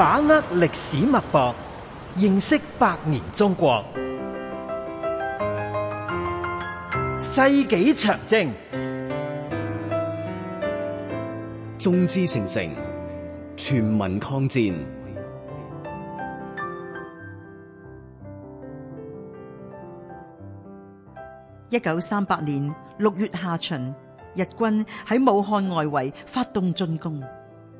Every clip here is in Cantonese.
把握歷史脈搏，認識百年中國。世紀長征，眾志成城，全民抗戰。一九三八年六月下旬，日軍喺武漢外圍發動進攻。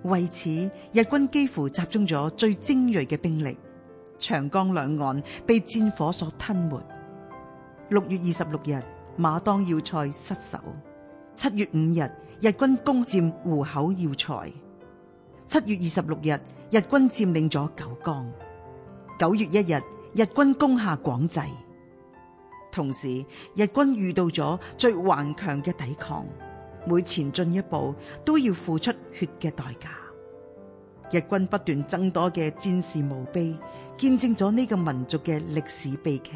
為此，日軍幾乎集中咗最精銳嘅兵力，長江兩岸被戰火所吞沒。六月二十六日，馬當要塞失守；七月五日，日軍攻占湖口要塞；七月二十六日，日軍占領咗九江；九月一日，日軍攻下廣濟。同時，日軍遇到咗最頑強嘅抵抗。每前進一步都要付出血嘅代價。日軍不斷增多嘅戰士墓碑，見證咗呢個民族嘅歷史悲劇。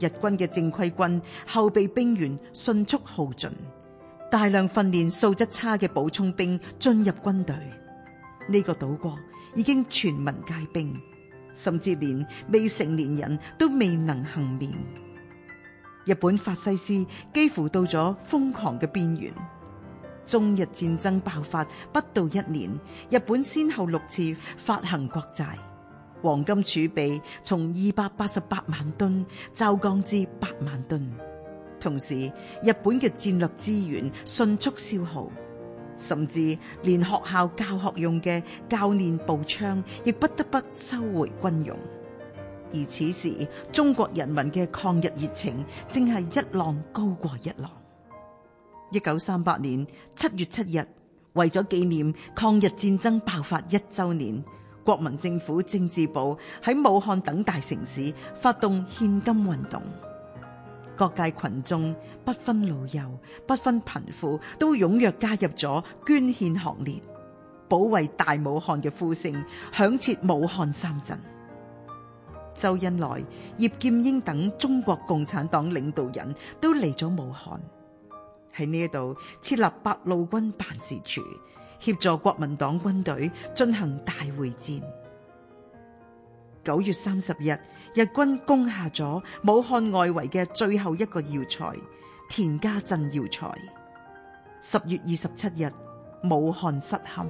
日軍嘅正規軍後備兵員迅速耗盡，大量訓練素質差嘅補充兵進入軍隊。呢、這個島國已經全民皆兵，甚至連未成年人都未能幸免。日本法西斯幾乎到咗瘋狂嘅邊緣，中日戰爭爆發不到一年，日本先後六次發行國債，黃金儲備從二百八十八萬噸驟降至八萬噸，同時日本嘅戰略資源迅速消耗，甚至連學校教學用嘅教練步槍亦不得不收回軍用。而此時，中國人民嘅抗日熱情正係一浪高過一浪。一九三八年七月七日，為咗紀念抗日戰爭爆發一周年，國民政府政治部喺武漢等大城市發動獻金運動，各界群眾不分老幼，不分貧富，都踴躍加入咗捐獻行列，保衛大武漢嘅呼聲響徹武漢三鎮。周恩來、葉劍英等中國共產黨領導人都嚟咗武漢，喺呢一度設立八路軍辦事處，協助國民黨軍隊進行大會戰。九月三十日，日軍攻下咗武漢外圍嘅最後一個要塞，田家鎮要塞。十月二十七日，武漢失陷。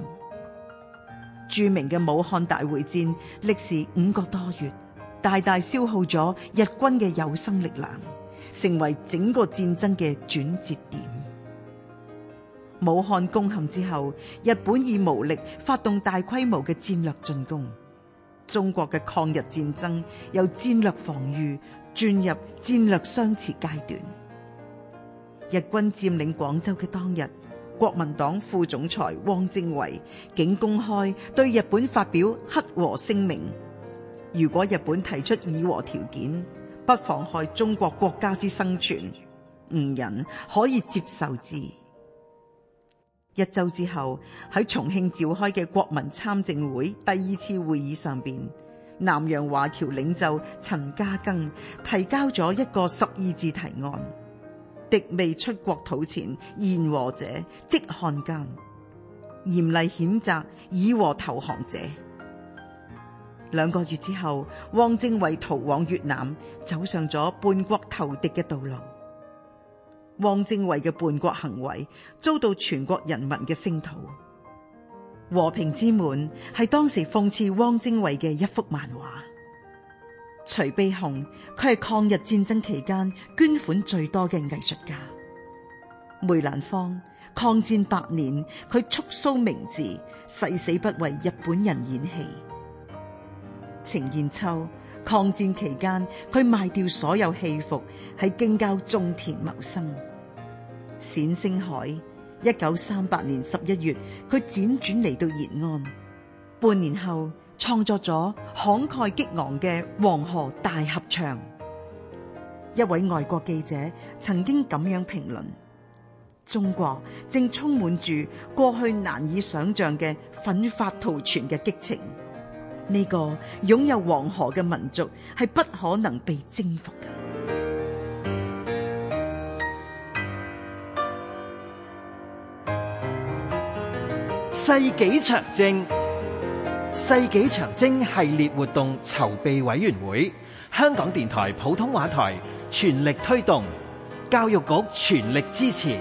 著名嘅武漢大會戰歷時五個多月。大大消耗咗日軍嘅有生力量，成為整個戰爭嘅轉折點。武漢攻陷之後，日本已無力發動大規模嘅戰略進攻，中國嘅抗日戰爭由戰略防禦轉入戰略相持階段。日軍佔領廣州嘅當日，國民黨副總裁汪精衛竟公開對日本發表乞和聲明。如果日本提出議和條件，不妨害中國國家之生存，吾人可以接受之。一周之後，喺重慶召開嘅國民參政會第二次會議上邊，南洋華僑領袖陳嘉庚提交咗一個十二字提案：「敵未出國土前，言和者即漢奸，嚴厲譴責以和投降者。兩個月之後，汪精衛逃往越南，走上咗叛國投敵嘅道路。汪精衛嘅叛國行為遭到全國人民嘅聲討。和平之門係當時諷刺汪精衛嘅一幅漫畫。徐悲鴻佢係抗日戰爭期間捐款最多嘅藝術家。梅蘭芳，抗戰八年，佢蓄鬚明志，誓死不為日本人演戲。程硯秋抗戰期間，佢賣掉所有戲服，喺京郊種田謀生。冼星海一九三八年十一月，佢輾轉嚟到延安，半年後創作咗慷慨激昂嘅《黃河大合唱》。一位外國記者曾經咁樣評論：中國正充滿住過去難以想象嘅奮發圖存嘅激情。呢個擁有黃河嘅民族係不可能被征服嘅。世紀長征，世紀長征系列活動籌備委員會香港電台普通話台全力推動，教育局全力支持。